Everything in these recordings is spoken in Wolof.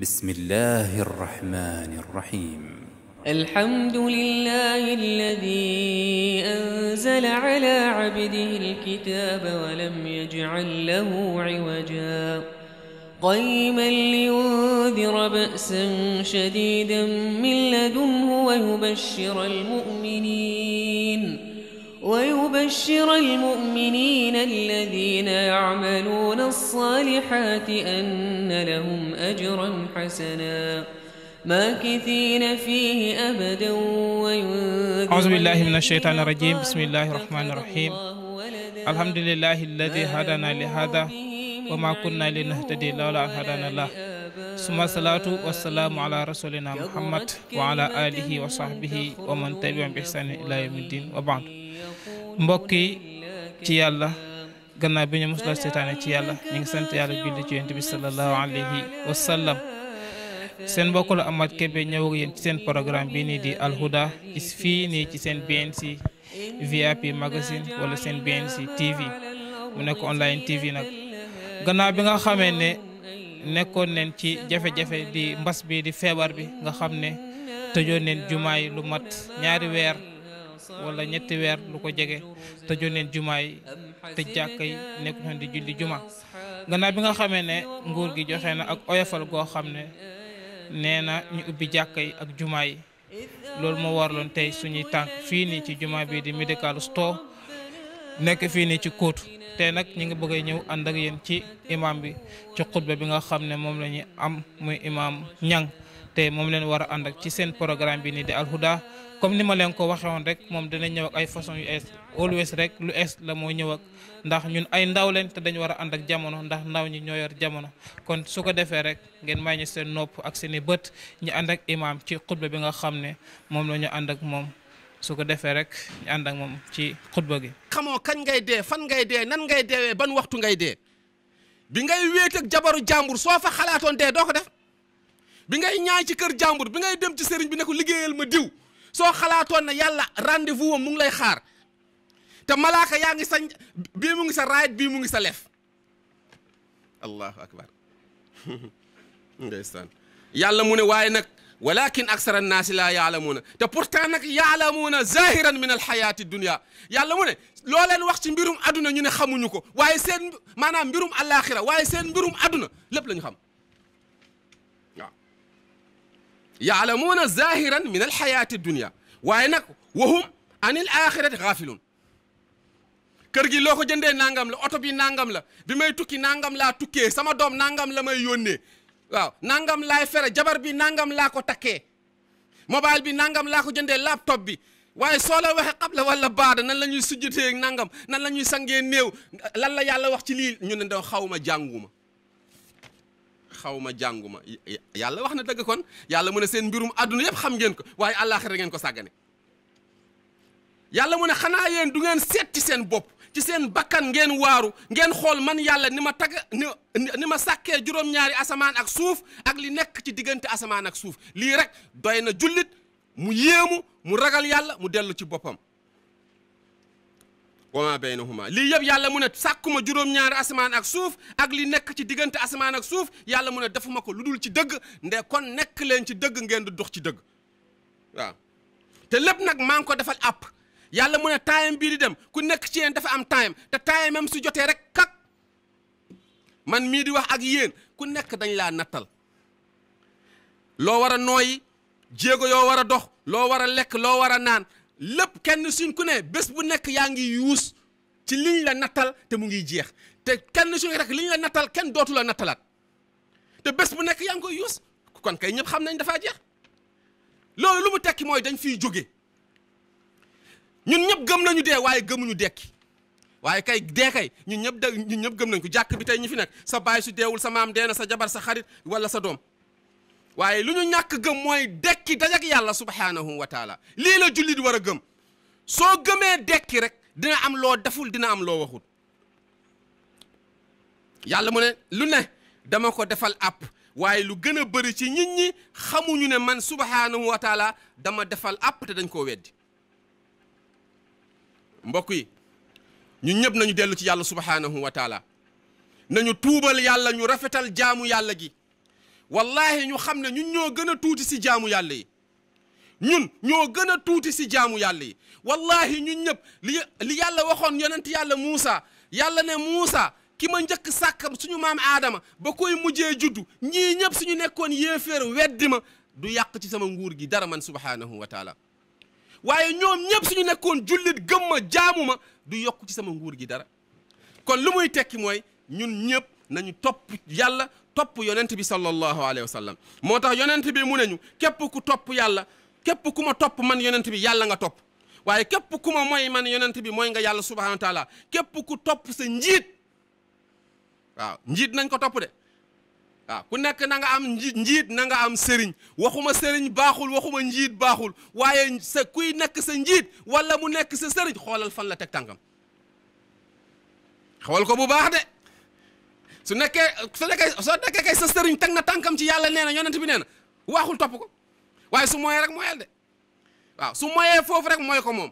بسم الله الرحمن الرحيم الحمد لله الذي أنزل على عبده الكتاب ولم يجعل له عوجا قيما لينذر بأسا شديدا من لدنه ويبشر المؤمنين ويبشر المؤمنين الذين يعملون الصالحات أن لهم أجرا حسنا ماكثين فيه أبدا وينذر أعوذ بالله من الشيطان الرجيم بسم الله الرحمن الرحيم الحمد لله الذي هدانا لهذا وما كنا لنهتدي لولا أن هدانا الله suma salaatu wasalaamu ala rasulina muhammad wa ala alihi wa sahbihi wa man tabi'ahum bi ihsanin ila yawmiddin wa ba'd mbokk yi ci yàlla gannaaw bi ñu musula seetaane ci yàlla ñu ngi sant yàlla julli ci yonent bi sallallahu alayhi wa sallam seen mbokk la Amath Kébé ñëw ak yéen ci seen programme bi nii di Alhuda ci fii nii ci seen BNC VIP magasin wala seen BNC TV mu nekk online TV nag gannaaw bi nga xamee ne nekkoon neen ci jafe-jafe di mbas bi di feebar bi nga xam ne tejoo neen jumaa yi lu mat ñaari weer wala ñetti weer lu ko jege tëjoon neen jumaa yi te jàkka yi nekkutoon di julli juma gannaaw bi nga xamee ne nguur gi joxe na ak oyofal goo xam ne nee na ñu ubbi jàkka yi ak juma yi loolu moo war warloon tey suñuy tànk fii nii ci juma bii di Medical Store nekk fii nii ci kóotu te nag ñu ngi bëgg a ñëw ànd ak yéen ci imam bi ci xutba bi nga xam ne moom la ñu am muy imam ñang te moom leen war a ànd ak ci seen programme bi nii di Al comme ni ma leen ko waxee woon rek moom dina ñëw ay façon yu ees always rek lu est la moo ñëw ak ndax ñun ay ndaw leen te dañu war a ànd ak jamono ndax ndaw ñi ñoo yor jamono kon su ko defee rek ngeen may ñu seen nopp ak seeni bët ñu ànd ak imaam ci xutba bi nga xam ne moom la ñu ànd ak moom su ko defee rek ànd ak moom ci xutba gi. xamoo kañ ngay dee fan ngay dee nan ngay deewee ban waxtu ngay dee bi ngay wéet jabaru jàmbur soo fa xalaatoon dee doo ko def bi ngay ñaay ci kër jàmbur bi ngay dem ci sëriñ bi ne ko liggéeyal ma diw. soo xalaatoon na yàlla rendez-vous am mu ngi lay xaar te malaaka yaa ngi sa bii mu ngi sa raayit bii mu ngi sa lef allahu akbar ndeysaan yàlla mu ne waaye nag walakin aksara annaasi laa yaalamuuna te pourtant nag yaalamuuna zahiran min alxayaati dunia yàlla mu ne loo leen wax ci mbirum aduna ñu ne xamuñu ko waaye seen maanaam mbirum alaxira waaye seen mbirum aduna lépp la ñu xam yaalamuuna zahiran min alxayaati dunia waaye nag wahum anil axirati xaafiluun kër gi loo ko jëndee nangam la oto bi nangam la bi may tukki nangam laa tukkee sama doom nangam la may yónnee waaw nangam laay fere jabar bi nangam laa ko takkee mobile bi nangam laa ko jëndee laptop bi waaye soo la waxee xab la wala baada nan la ñuy sujjatee nangam nan la ñuy sangee néew lan la yàlla wax ci lii ñu ne doo xaw ma jànguma xaw ma jàngu ma yàlla wax na dëgg kon yàlla mu ne seen mbirum àdduna yëpp xam ngeen ko waaye àllaaxira ngeen ko sàggane yàlla mu ne xanaa yéen du ngeen seet ci seen bopp ci seen bakkan ngeen waaru ngeen xool man yàlla ni ma tagg ni ma sàkkee juróom-ñaari asamaan ak suuf ak li nekk ci diggante asamaan ak suuf lii rek doy na jullit mu yéemu mu ragal yàlla mu dellu ci boppam wa ma baynahuma lii yëpp yàlla mu ne sàkkuma juróom-ñaari asamaan ak suuf ak li nekk ci diggante asamaan ak suuf yàlla mu ne defuma ko lu dul ci dëgg nde kon nekk leen ci dëgg ngeen di dox ci dëgg waaw te lépp nag maa ngi ko defal àpp yàlla mu ne taayam bii di dem ku nekk ci yeen dafa am taayam te taayamam su jotee rek kak man mii di wax ak yéen ku nekk dañ laa nattal loo war a nooyi jéego yoo war a dox loo war a lekk loo war a naan lépp kenn suñ ku nee bés bu nekk yaa ngi yuus ci liñ la nattal te mu ngi jeex te kenn suñ rek liñ la nattal kenn dootu la nattalaat te bés bu nekk yaa ngi koy yuus kon kay ñëpp xam nañ dafaa jeex loolu lu mu tekki mooy dañ fiy jóge ñun ñëpp gëm nañu dee waaye gëmuñu dekki waaye kay dee kay ñun ñëpp de ñun ñëpp gëm nañ ko jàkk bi tey ñu fi nekk sa baay su deewul sa maam dee na sa jabar sa xarit wala sa doom waaye lu ñu ñàkk gëm mooy dekki dajak yàlla subhaanahu wa taala lii la jullit war a gëm soo gëmee dekki rek dina am loo deful dina am loo waxul yàlla mu ne lu ne dama ko defal app waaye lu gën a bëri ci nit ñi xamuñu ne man subhaanahu wa taala dama defal app te dañ koo weddi mbokk yi ñun ñëpp nañu dellu ci yàlla subhaanahu wa taala nañu tuubal yàlla ñu rafetal jaamu yàlla gi wallahi ñu xam ne ñun ñoo gën a tuuti si jaamu yàlla yi ñun ñoo gën a tuuti si jaamu yàlla yi wallahi ñun ñëpp li yàlla waxoon yonent yàlla Muusa yàlla ne Muusa ki ma njëkk sàkkam suñu maam aadama ba koy mujjee juddu ñii ñëpp su suñu nekkoon yéeféer weddi ma du yàq ci sama nguur gi dara man subhaanahu wa waaye ñoom ñëpp suñu nekkoon jullit gëm jaamu ma du yokk ci sama nguur gi dara kon lu muy tekki mooy ñun ñëpp nañu topp yàlla topp yonent bi sallallahu alayhi wa sallam moo tax yonent bi mu neñu képp ku topp yàlla képp ku ma topp man yonent bi yàlla nga topp waaye képp ku ma mooy man yonent bi mooy nga yàlla subhanahu wa taala ku topp sa njiit waaw njiit nañ ko topp de ku nekk nanga am njiit njiit na nga am sëriñ waxuma sëriñ baaxul waxuma njiit baaxul waaye sa kuy nekk sa njiit wala mu nekk sa sëriñ xoolal fan la teg tànkam xool ko bu baax de su nekkee su nekkee soo nekkee sa sëriñ teg na tànkam ci yàlla nee na yonent bi neena na waaxul topp ko waaye su moyee rek moyal de waaw su moyee foofu rek mooy ko moom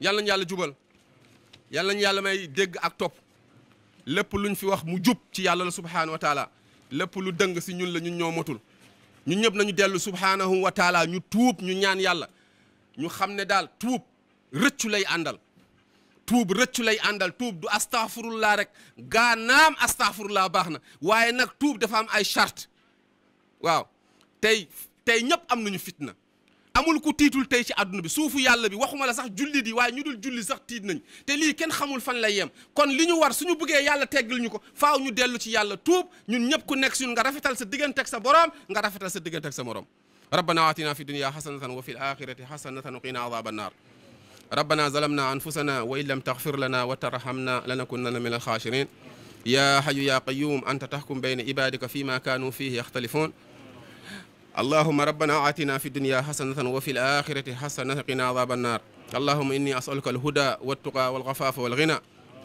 yàlla nañu yàlla jubal yàlla nañu yàlla may dégg ak topp lépp luñ fi wax mu jub ci yàlla la subhaanahu wa taala lépp lu dëng si ñun la ñu ñoo motul ñun ñëpp nañu dellu subhaanahu wa taala ñu tuub ñu ñaan yàlla ñu xam ne daal tuub rëccu lay àndal tuub rëccu lay àndal tuub du astafurullah rek gaa naam astafurullah baax na waaye nag tuub dafa am ay charte waaw tey tey ñëpp am nañu fitna amul ku tiitul tey ci àdduna bi suufu yàlla bi waxuma la sax julli di waaye ñu julli sax tiit nañ te lii kenn xamul fan lay yem kon li ñu war suñu bëggee yàlla teggal ñu ko faaw ñu dellu ci yàlla tuub ñun ñëpp ku nekk si nga rafetal sa digganteeg sa borom nga rafetal sa digganteeg sa morom rabbana atina fi dunya hasanatan wa fil akhirati hasanatan wa qina adhaban ربنا ظلمنا أنفسنا وإن لم تغفر لنا وترحمنا لنكونن من الخاسرين يا حي يا قيوم أنت تحكم بين عبادك فيما كانوا فيه يختلفون اللهم ربنا آتنا في الدنيا حسنة وفي الآخرة حسنة قنا عذاب النار اللهم إني أسألك الهدى والتقى والغفاف والغنى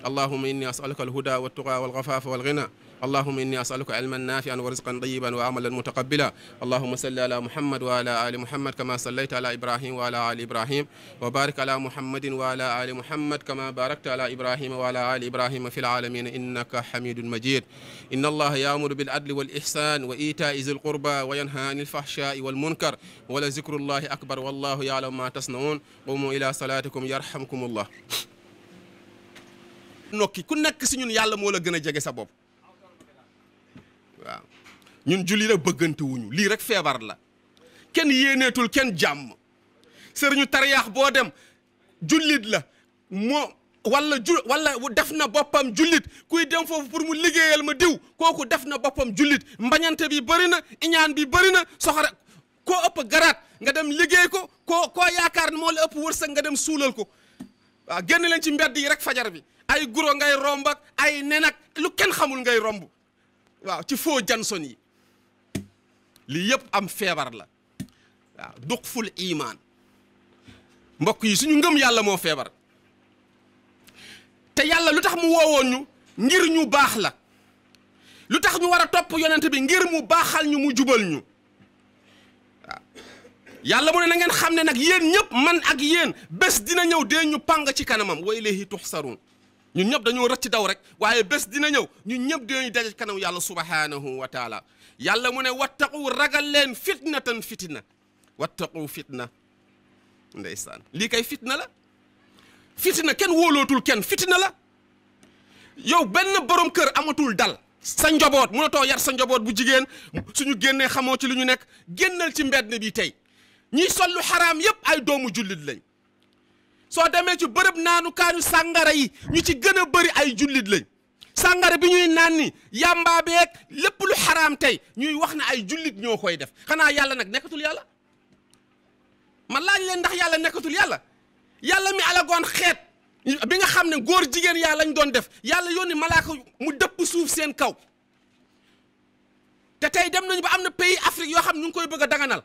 اللهم إني أسألك الهدى والتقى والغفاف والغنى allahuma inni asaluka ilman nafian wa rizqan tayiban wa amalan mutaqabila allahuma salli ala muhammad wa ala ali muhammad kama sallayta ala ibrahim wa ala ali ibrahim wa barik ala muhammadin wa ala ali muhammad kama barakta ala ibrahima wa ala ali ibrahima fi lalamin innaka hamidun majid inna allaha yaamuru bil adli wal ihsan wa itaai zil qurba wa yanha anil fahshai wal munkar wa la zikrullahi akbar wallahu yaalamu ma tasnaun qumu ila salatikum yarhamkumullah nokki ku nekk si ñun yàlla moo la gën a jege sa bopp waaw ñun julli nag bëggante wuñu lii rek feebar la kenn yéeneetul kenn jàmm sëriñu tariyax boo dem jullit la moo walla ju wala def na boppam jullit kuy dem foofu pour mu liggéeyal ma diw kooku def na boppam jullit mbañante bi bëri na iñaan bi bëri na soxora koo ëpp garaat nga dem liggéey ko koo koo yaakaar ne moo la ëpp wërsëg nga dem suulal ko waaw génn leen ci mbedd yi rek fajar bi ay guro ngay romb ay nen ak lu kenn xamul ngay romb waaw ci foo janson yi lii yëpp am feebar la waaw duqful imaan mbokk yi suñu ngëm yàlla moo feebar te yàlla lu tax mu woowoon ñu ngir ñu baax la lu tax ñu war a topp yonent bi ngir mu baaxal ñu mu jubal ñu waaw yàlla mu ne na ngeen xam ne nag yéen ñëpp man ak yéen bes dina ñëw dee ñu pàng ci kanamam wa ilayhi tuxsaruun ñu ñëpp dañoo rëcc daw rek waaye bés dina ñëw ñun ñëpp dinañu daje kanam yàlla subhanahu wa taala yàlla mu ne wattaqu ragal leen fitnatan fitna wattaqu fitna ndeysaan lii kay fitna la fitna kenn wóolootul kenn fitna la yow benn borom kër amatul dal sa njaboot mënatoo yar sa njaboot bu jigéen suñu génnee xamoo ci lu ñu nekk génnal ci mbedd bi tey ñiy sollu xaraam yëpp ay doomu jullit lañ soo demee ci bërëb naanu naanukaanu sàngara yi ñu ci gën a bëri ay jullit lañ sàngara bi ñuy naan ni yàmbaa beeg lépp lu xaraam tey ñuy wax ne ay jullit ñoo koy def xanaa yàlla nag nekkatul yàlla man laaj leen ndax yàlla nekkatul yàlla yàlla mi alagoon xeet bi nga xam ne góor jigéen yaa lañ doon def yàlla yónni malaaka mu dëpp suuf seen kaw te tey dem nañu ba am na pays Afrique yoo xam ñu ngi koy bëgg a daganal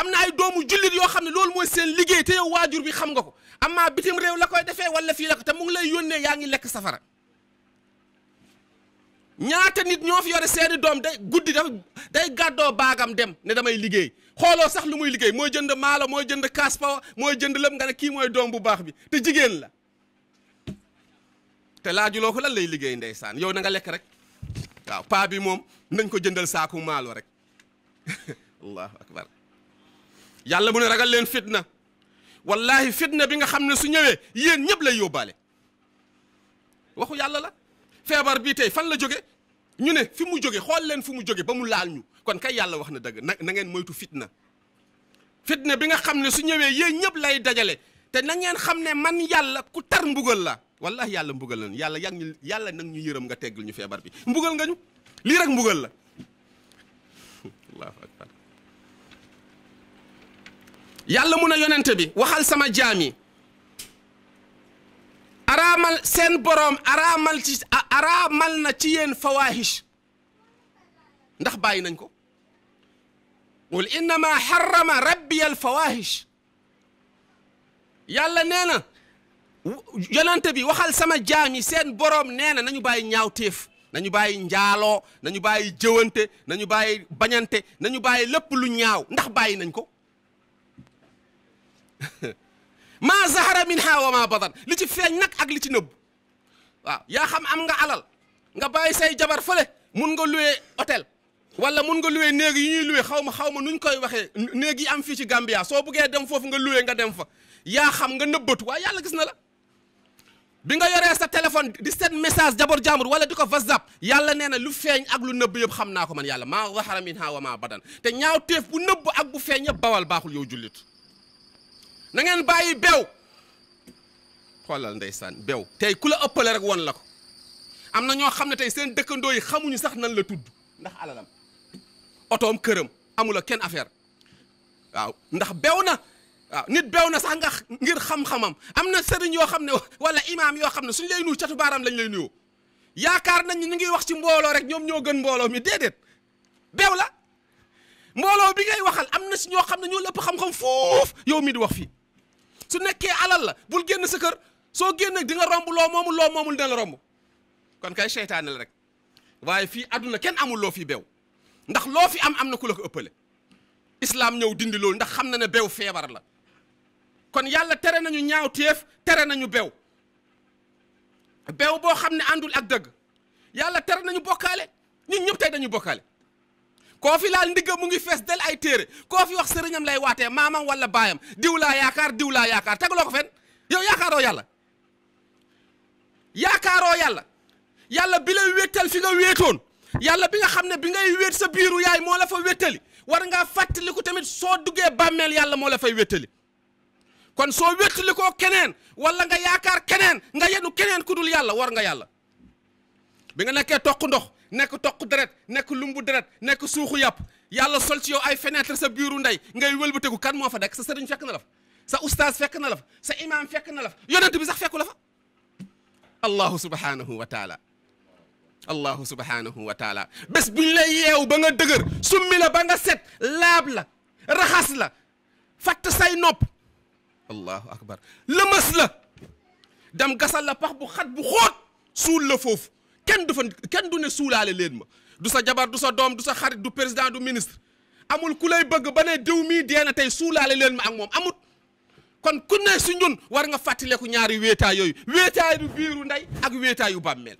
am na ay doomu jullit yoo xam ne loolu mooy seen liggéey te yow waajur bi xam nga ko amaa bitim réew la koy defee wala fii la ko te mu ngi lay yónnee yaa ngi lekk safara ñaata nit ñoo fi yore seeni doom day guddi dafa day gàddoo baagam dem ne damay liggéey xooloo sax lu muy liggéey mooy jënd maalo mooy jënd kaspawa mooy jënd lépp nga ne kii mooy doom bu baax bi te jigéen la te laajuloo ko lan lay liggéey ndeysaan yow na nga lekk rek waaw paa bi moom nañ ko jëndal saaku maalo rek yàlla mu ne ragal leen fitna wallahi fitna bi nga xam ne su ñëwee yéen ñëpp lay yóbbaale waxu yàlla la feebar bii tey fan la jóge ñu ne fi mu jóge xool leen fu mu jóge ba mu laal ñu kon kay yàlla wax na dëgg nangeen na ngeen moytu fitna fitna bi nga xam ne su ñëwee yéen ñëpp lay dajale te na ngeen xam ne man yàlla ku tar mbugal la wallahi yàlla mbugal nañu yàlla yàgg ñu yàlla nag ñu yërëm nga teggul ñu feebar bi mbugal nga ñu lii rek mbugal la yàlla mun a yonente bi waxal sama jaam yi araamal seen boroom araamal ci araamal na ci yéen fawaahish ndax bàyyi nañ ko qul innama harrama rabbi al fawaahish yàlla nee na bi waxal sama jaam yi seen boroom nee na nañu bàyyi ñaaw téef nañu bàyyi njaaloo nañu bàyyi jëwante nañu bàyyi bañante nañu bàyyi lépp lu ñaaw ndax bàyyi nañ ko maa zahara min ha wa ma batan li ci feeñ nag ak li ci nëbb waaw yaa xam am nga alal nga bàyyi say jabar fële mun nga loué hôtel wala mun nga loué néeg yi ñuy loué xaw ma xaw ma nuñ koy waxee néeg yi am fii ci Gambia soo buggee dem foofu nga loué nga dem fa yaa xam nga nëbbatu waaye yàlla gis na la bi nga yoree sa téléphone di seet message jabar jàmbur wala di ko whatsapp yàlla nee na lu feeñ ak lu nëbb yëpp xam naa ko man yàlla maa zahara minha wa ma batan te ñaaw téef bu nëbb ak bu feeñ yëpp baaxul yow jullit na ngeen bàyyi bew xoolal ndeysaan bew tey ku la ëppale rek won la ko am na ñoo xam ne tey seen dëkkandoo yi xamuñu sax nan la tudd ndax alalam otoom këram amula kenn affaire waaw ndax bew na waaw nit bew na sax nga ngir xam-xamam am na sëriñ yoo xam ne wala imaam yoo xam ne suñ lay nu catu baaraam lañ lay nuyoo yaakaar nañ ñu ngi wax ci mbooloo rek ñoom ñoo gën mbooloo mi déedéet beew la mbooloo bi ngay waxal am na si ñoo xam ne ñoo lëpp xam-xam foofu yow mi di wax fi su nekkee alal la bul génn sa kër soo génn di nga romb loo moomul loo moomul dina romb kon kay seytaane rek waaye fii àdduna kenn amul loo fi bew ndax loo fi am am na ku la ko ëppale islaam ñëw dindi loolu ndax xam na ne beew feebar la kon yàlla tere nañu ñaaw téef tere nañu bew bew boo xam ne àndul ak dëgg yàlla tere nañu bokkaale ñun ñëpp tey ñu bokkaale koo laal ndigga mu ngi fees del ay téere koo fi wax sëriñam lay waatee maamam wala baayam diw laa yaakaar diw laa yaakaar tegaloo ko fen yow yaakaaroo yàlla yaakaaroo yàlla yàlla bi lay wéttal fi nga wéetoon yàlla bi nga xam ne bi ngay wéet sa biiru yaay moo la fa wéttali war ngaa fàttaliku tamit soo duggee bàmmeel yàlla moo la fay wéttali kon soo wéttalikoo keneen wala nga yaakaar keneen nga yenu keneen ku dul yàlla war nga yàlla bi nga nekkee toq ndox nekk toq deret nekk lumbu deret nekk suuxu yàpp yàlla sol ci yow ay fenêtre sa biiru ndey ngay wëlbatiku kan moo fa nekk sa sëriñ fekk na la fa sa ustaas fekk na la fa sa imaam fekk na la fa bi sax fekku la fa allahu subhanahu wa taala allahu subhanahu wa taala bés lay yeew ba nga dëgër summi la ba nga set laab la raxas la fatt say nopp allahu akbar la dem gasal la pax bu xat bu xóot suul la foofu kenn du kenn du ne suulaale leen ma du sa jabar du sa doom du sa xarit du président du ministre amul ku lay bëgg ba ne diw mii tey suulaale leen ma ak moom amut kon ku ne si ñun war nga fàttaliku ñaari wéetaay yooyu biiru nday ak wéetaay yu bàmmeel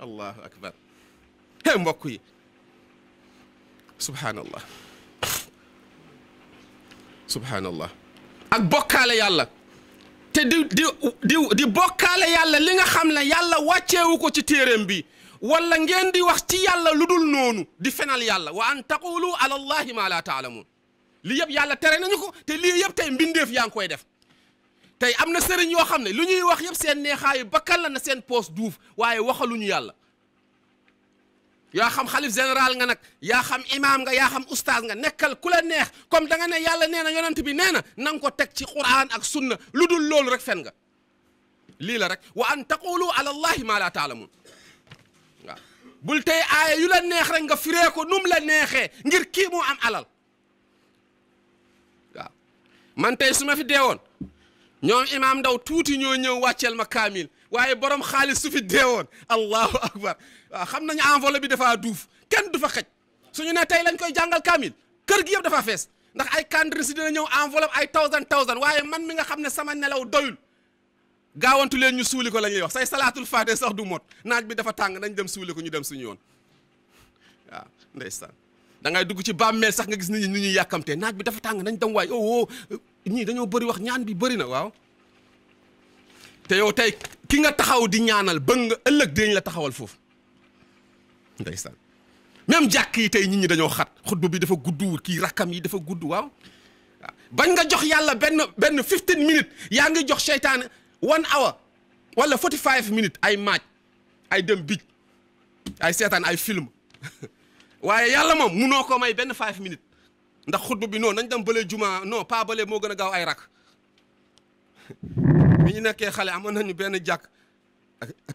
allahu yi subhanallah ak bokkaale yàlla te di di di di bokkaale yàlla li nga xam ne yàlla wàcceewu ko ci téeréem bi walla ngeen di wax ci yàlla lu dul noonu di fenal yàlla wa an taqulu ala allahi ma la taalamuun lii yëpp yàlla tere nañu ko te lii yëpp tey mbindeef yaa ngi koy def tey am na sëriñ yoo xam ne lu ñuy wax yëpp seen neexaayu bakkan na seen poos duuf waaye ñu yàlla yaa xam xalif général nga nag yaa xam imaam nga yaa xam ustaas nga nekkal ku la neex comme da nga ne yàlla nee na yonent bi neena na ko teg ci quraan ak sunna lu dul loolu rek fen nga lii la rek wa an taqulu ala allahi ma la taalamun waaw bul tey aaya yu la neex rek nga firee ko num la neexee ngir kii mu am alal waaw man tey su ma fi deewoon ñoom imaam ndaw tuuti ñoo ñëw wàcceel ma kaamil waaye borom xaalis su fi deewoon allahu akbar waaw ah, xam nañu envolé bi dafaa duuf kenn du fa xëj suñu ne tey lañ koy jàngal kaamil kër gi yëpp dafa fees ndax ay cadres si dina ñëw enveloppe ay thousand thousand waaye man mi nga xam ne sama nelaw doyul gaawantu leen ñu suuli ko la ñuy wax say salaatul faate sax du mot naaj bi dafa tàng nañ dem suuli ko ñu dem suñu yoon waaw da ngay dugg ci bàmmeel sax nga gis nit ni ñuy yàkkamtee naaj bi dafa tàng dem waay oo oh, oh. ñii dañoo bëri wax ñaan bi bëri na waaw te yow tey ki nga taxaw di ñaanal ba nga ëllëg dinañ la taxawal foofu ndeysaan même jàkk yi tey nit ñi dañoo xat xutba bi dafa gudd kii rakkam yi dafa gudd waaw bañ nga jox yàlla benn benn 15 minutes yaa ngi jox seytaane one hour wala 45 minutes ay maaj ay dem bij ay seetaan ay film waaye yàlla moom noo ko may benn 5 minutes ndax xutba bi non nañ dem bële juma non pas bële moo gën a gaaw ay rakk bi ñu nekkee xale amoon nañu benn jàkk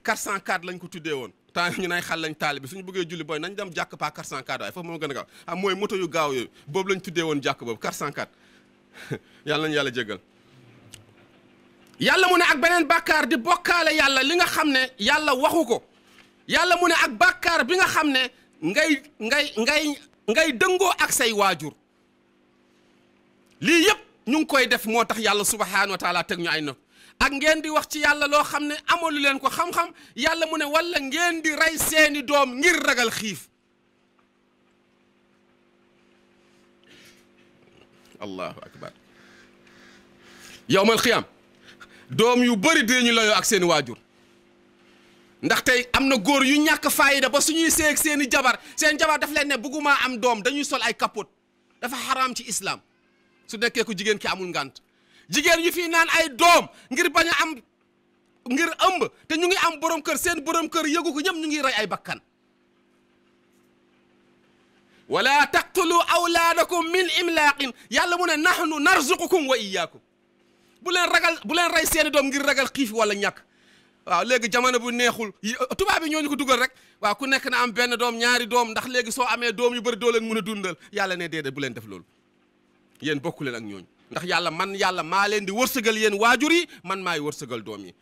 404 lañ ko tuddee woon. temps ñu nay xal lañ taali bi suñu bëggee julli booy nañ dem jàkk pas 404 waaye foofu moo gën a gaaw ah mooy moto yu gaaw yooyu boobu lañ tuddee woon jàkk boobu 404 yàlla nañ yàlla jéggal yàlla mu ne ak beneen bàkkaar di bokkaale yàlla li nga xam ne yàlla waxu ko yàlla mu ne ak bàkkaar bi nga xam ne ngay ngay ngay ngay dëngoo ak say waajur lii yëpp ñu ngi koy def moo tax yàlla subhaanahu wa taala teg ñu ay nopp ak ngeen di wax ci yàlla loo xam ne amalu leen ko xam-xam yàlla mu ne walla ngeen di rey seeni doom ngir ragal xiif allahu akbar yowmal xiyaam doom yu bari bëri ñu layoo ak seeni waajur ndaxte am na góor yu ñàkk faayida ba suñuy seeg seeni jabar seen jabar daf leen ne bëgguma am doom dañuy sol ay kapoot dafa xaraam ci islaam su nekkee ko jigéen ki amul ngànt jigéen yu fi naan ay doom ngir bañ a am ngir ëmb te ñu ngi am borom kër seen borom kër yëgu ko ñëpp ñu ngi rey ay bakkan wala taqtulu awlaadakum min imlaaqin yàlla mu ne nahnu narzuqukum wa iyaakum bu leen ragal bu leen rey seeni doom ngir ragal xiif wala ñàkk waaw léegi jamono bu neexul tubaab yi ñooñu ko dugal rek waa ku nekk na am benn doom ñaari doom ndax léegi soo amee doom yu bari doo leen mën a dundal yàlla ne déedéet bu leen def loolu yéen bokku leen ak ñooñu ndax yàlla man yàlla maa leen di wërsëgal yeen waajur yi man maay wërsëgal doom yi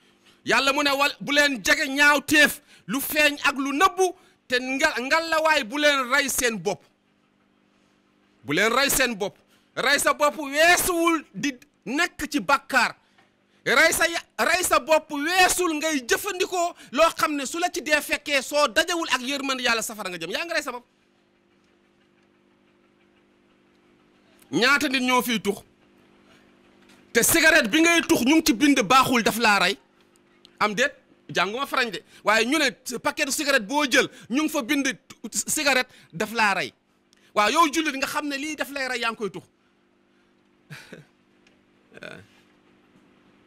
yàlla mu ne wal bu leen jege ñaaw téef lu feeñ ak lu nëbbu te nga ngalawaay bu leen rey seen bopp buleen leen seen bopp rey sa bopp weesuwul di nekk ci bàkkaar rey sa rey sa bopp weesul ngay jëfandikoo loo xam ne su la ci dee fekkee soo dajewul ak yërmande yàlla safara nga jëm yaa ngi rey sa bopp ñaata nit ñoo fiy te cigarette bi ngay tux ñu ngi ci bind baaxul daf laa rey am déet jànguma farañ de waaye ñu ne paquet cigarette boo jël ñu ngi fa bind cigarette daf laa rey waaw yow jullit nga xam ne lii daf lay rey yaa ngi koy tux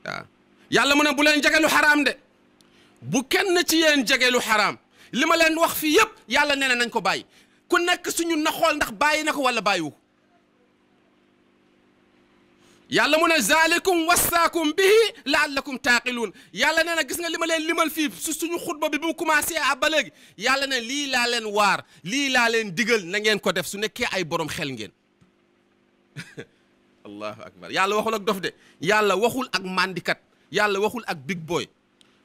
waaw yàlla mu ne bu leen jegelu xaraam de bu kenn ci yéen jegelu xaraam li ma leen wax fii yëpp yàlla nee na nañ ko bàyyi ku nekk suñu na xool ndax bàyyi na ko wala bàyyiwu ko yàlla mu ne zaalikum wasaakum bihi laallakum taaqiluun yàlla nee na gis nga li ma leen limal fi su suñu xutba bi bu mu commencé à ba léegi yàlla ne lii laa leen waar lii laa leen digal na ngeen ko def su nekkee ay borom xel ngeen allahu akbar yàlla waxul ak dof de yàlla waxul ak mandikat yàlla waxul ak big boy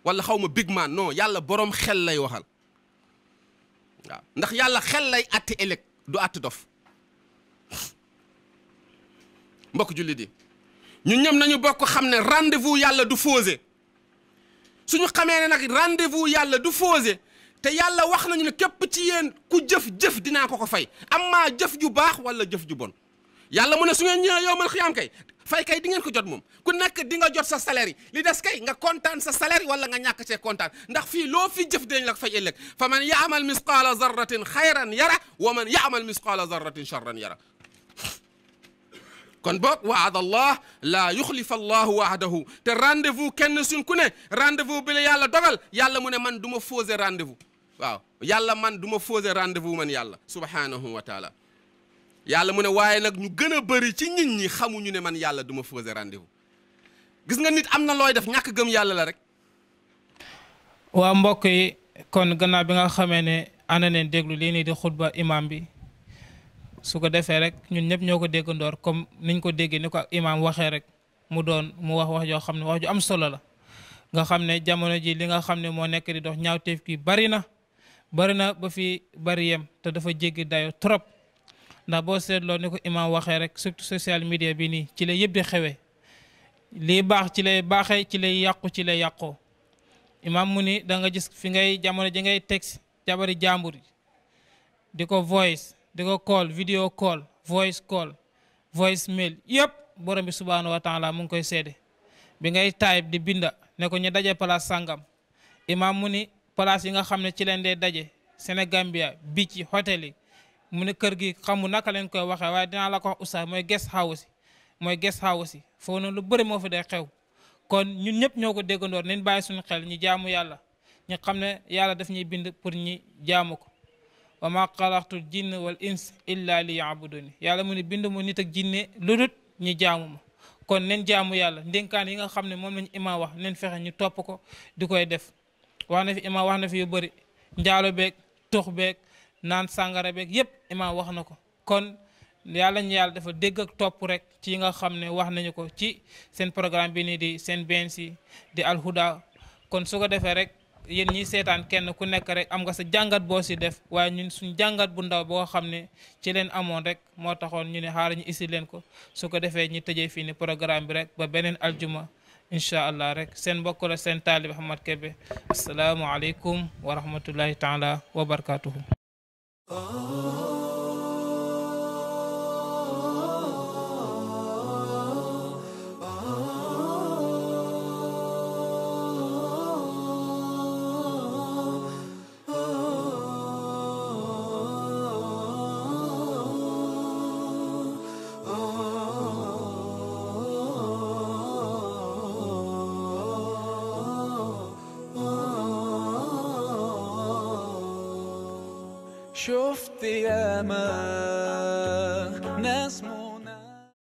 wala xaw ma big man non yàlla borom xel lay waxal waaw ndax yàlla xel lay atti ëllëg du atti dof mbokk julli ñun ñem nañu bokk xam ne rendez-vous yàlla du su ñu xamee ne nag rendez-vous yàlla du fausé te yàlla wax nañu ne képp ci yéen ku jëf-jëf dinaa ko ko fay amaa jëf ju baax wala jëf ju bon yàlla mu ne su ngeen yom yowmal xiyaam kay fay kay di ngeen ko jot moom ku nekk di nga jot sa salaire li des kay nga kontaan sa salaire wala nga ñàkk cee kontaan ndax fii loo fi jëf dinañ la ko fay ëllëg fa man yaamal misqaala zarratin xayran yara wa man yaamal misqaala zarratin charran yara kon boog waada la laa yuxlifa allahu waadahu te rendez-vous kenn suñ ku ne rendez-vous yàlla dogal yàlla mu ne man duma ma fausé rendez waaw yàlla man du ma fausé rendez-vous yàlla subhanahu wa yàlla mu ne waaye nag ñu gën a bëri ci nit ñi xamuñu ne man yàlla duma ma fausé rendez gis nga nit am na looy def ñàkk gëm yàlla la rek waa mbokk yi kon gannaaw bi nga xamee ne ana neen déglu lii nii di xutba imam bi su ko defee rek ñun ñëpp ñoo ko déggandoor comme niñ ko déggee ni ko imaam waxee rek mu doon mu wax wax joo xam ne wax ju am solo la nga xam ne jamono ji li nga xam ne moo nekk di dox ñaaw ñaawteef ki bari na bari na ba fi bari yem te dafa jéggi dayo trop ndax boo seetloo ni ko imaam waxee rek surtout social media bi nii ci la yëpp di xewee lii baax ci lay baaxee ci lay yàqu ci lay yàqoo imaam mu ni danga nga gis fi ngay jamono ji ngay teg jabari jàmbur ji ko di ko call video call voice call voice mail yëpp borom bi subhaanahu wa taala mu ngi koy seede bi ngay type di binda ne ko ñu daje place sàngam imaam mu ni place yi nga xam ne ci leen de daje Sénégambia bi ci hôtel mu ne kër gi xamu naka leen koy waxee waaye dinaa la ko wax oustaz mooy guest house mooy guest house yi foofu noonu lu bëri moo fi de xew kon ñun ñëpp ñoo ko déggandoor nañ bàyyi suñ xel ñu jaamu yàlla ñu xam ne yàlla daf ñuy bind pour ñi jaamu ko wa ma xalaqtul jinn wal ins illa li yaabuduni yàlla mu ne bind mu nit ak jinne lu dul ñu jaamu kon nen jaamu yàlla ndénkaan yi nga xam ne moom lañu imaam wax nen fexe ñu topp ko di koy def wax na fi imaam wax na fi yu bëri njaalo beeg tux beek naan sàngara beeg yépp imaam wax na ko kon yàlla yàlla defa dégg ak topp rek ci yi nga xam ne wax nañu ko ci seen programme bi nii di seen BNC di alhuda kon su ko defee rek yéen ñi seetaan kenn ku nekk rek am nga sa jàngat boo si def waaye ñun suñ jàngat bu ndaw boo xam ne ci leen amoon rek moo taxoon ñu ne xaaral ñu isi leen ko su ko defee ñu tëjee fii ni programme bi rek ba beneen aljuma incha allah rek seen mbokk la seen taalib Ahmad Kébé asalaamualeykum wa rahmatullahi taala wa barakaatuhu